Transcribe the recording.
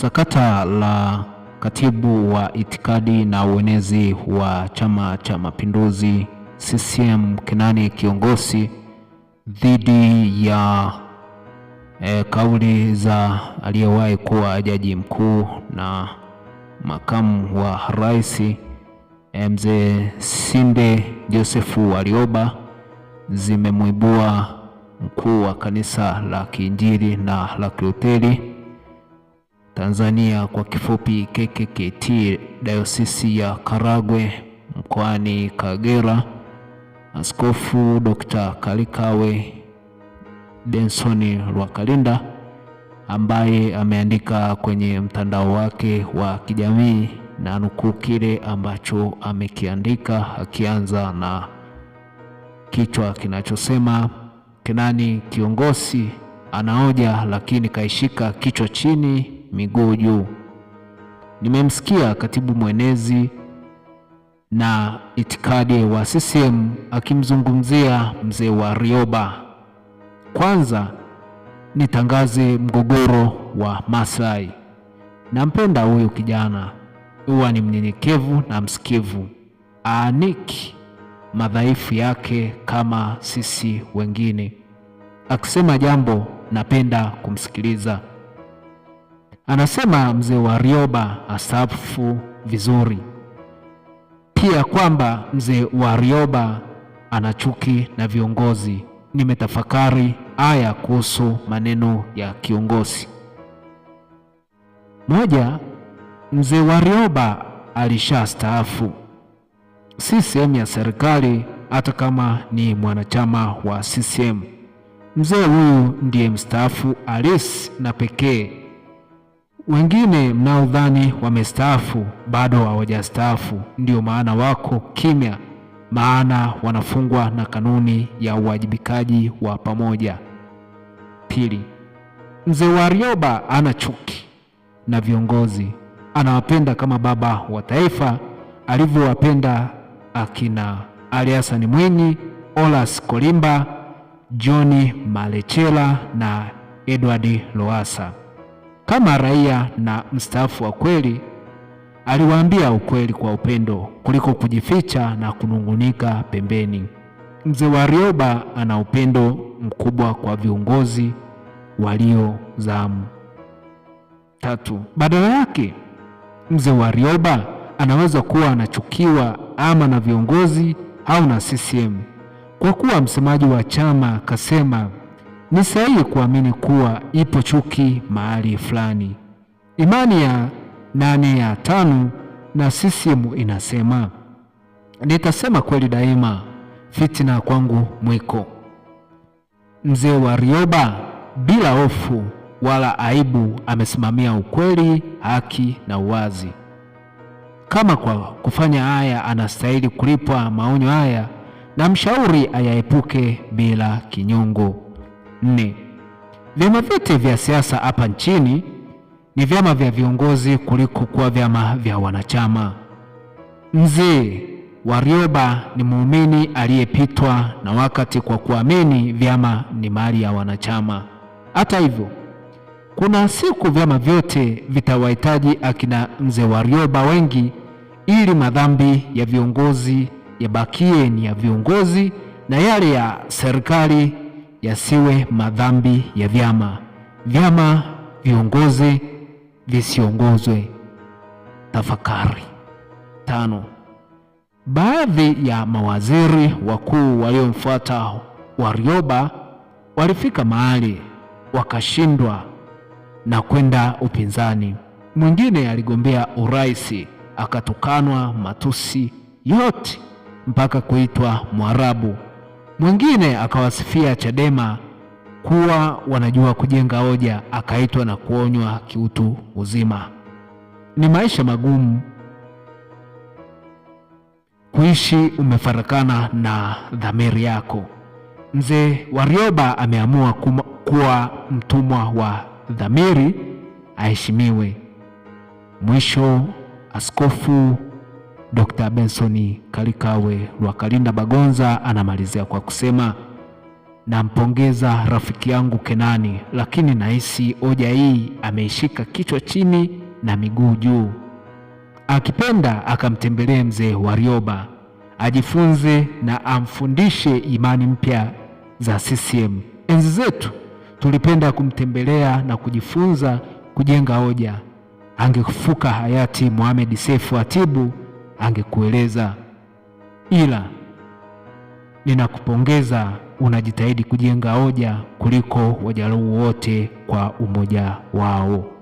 Sakata la katibu wa itikadi na uenezi wa Chama cha Mapinduzi CCM Kinani Kiongosi dhidi ya e, kauli za aliyewahi kuwa jaji mkuu na makamu wa rais e, mzee Sinde Josefu Warioba zimemwibua mkuu wa kanisa la Kiinjili na la Kilutheri Tanzania kwa kifupi KKKT, Dayosisi ya Karagwe mkoani Kagera. Askofu Dr. Kalikawe Densoni Rwakalinda ambaye ameandika kwenye mtandao wake wa kijamii na nukuu kile ambacho amekiandika akianza na kichwa kinachosema Kenani kiongozi anaoja lakini kaishika kichwa chini miguu juu. Nimemsikia katibu mwenezi na itikadi wa CCM akimzungumzia mzee wa Rioba. Kwanza nitangaze mgogoro wa maslahi Nampenda huyu kijana, huwa ni mnyenyekevu na msikivu, aaniki madhaifu yake kama sisi wengine. Akisema jambo napenda kumsikiliza. Anasema mzee wa Rioba asafu vizuri pia kwamba mzee wa Rioba ana chuki na viongozi. Nimetafakari aya kuhusu maneno ya kiongozi moja. Mzee wa Rioba alishastaafu, si sehemu ya serikali, hata kama ni mwanachama wa CCM. Mzee huyu ndiye mstaafu halisi na pekee wengine mnaodhani wamestaafu bado hawajastaafu, ndio maana wako kimya, maana wanafungwa na kanuni ya uwajibikaji wa pamoja. Pili, mzee Warioba ana chuki na viongozi, anawapenda kama baba wa taifa alivyowapenda akina Ali Hassan Mwinyi, Olas Kolimba, John Malechela na Edward Lowassa. Kama raia na mstaafu wa kweli, aliwaambia ukweli kwa upendo kuliko kujificha na kunungunika pembeni. Mzee Warioba ana upendo mkubwa kwa viongozi waliozamu. Tatu, badala yake mzee Warioba anaweza kuwa anachukiwa ama na viongozi au na CCM, kwa kuwa msemaji wa chama kasema ni sahihi kuamini kuwa ipo chuki mahali fulani. Imani ya nane ya tano na sisimu inasema, nitasema kweli daima, fitina kwangu mwiko. Mzee wa Rioba bila hofu wala aibu amesimamia ukweli, haki na uwazi. Kama kwa kufanya haya anastahili kulipwa maonyo haya, na mshauri ayaepuke bila kinyongo. Nne, vyama vyote vya siasa hapa nchini ni vyama vya viongozi kuliko kuwa vyama vya wanachama. Mzee Warioba ni muumini aliyepitwa na wakati kwa kuamini vyama ni mali ya wanachama. Hata hivyo, kuna siku vyama vyote vitawahitaji akina mzee Warioba wengi ili madhambi ya viongozi yabakie ni ya viongozi na yale ya serikali yasiwe madhambi ya vyama, vyama viongoze, visiongozwe. Tafakari. Tano. Baadhi ya mawaziri wakuu waliomfuata Warioba walifika mahali wakashindwa na kwenda upinzani. Mwingine aligombea urais akatukanwa matusi yote mpaka kuitwa Mwarabu. Mwingine akawasifia Chadema kuwa wanajua kujenga hoja, akaitwa na kuonywa kiutu uzima. Ni maisha magumu kuishi umefarakana na dhamiri yako. Mzee Warioba ameamua kuwa mtumwa wa dhamiri aheshimiwe. Mwisho, Askofu Dr. Benson Kalikawe Lwakalinda Bagonza anamalizia kwa kusema nampongeza rafiki yangu Kenani, lakini nahisi hoja hii ameishika kichwa chini na miguu juu. Akipenda akamtembelee mzee Warioba ajifunze na amfundishe imani mpya za CCM. Enzi zetu tulipenda kumtembelea na kujifunza kujenga hoja. Angefuka hayati Mohamed Seif Atibu angekueleza, ila ninakupongeza, unajitahidi kujenga hoja kuliko wajaluo wote kwa umoja wao.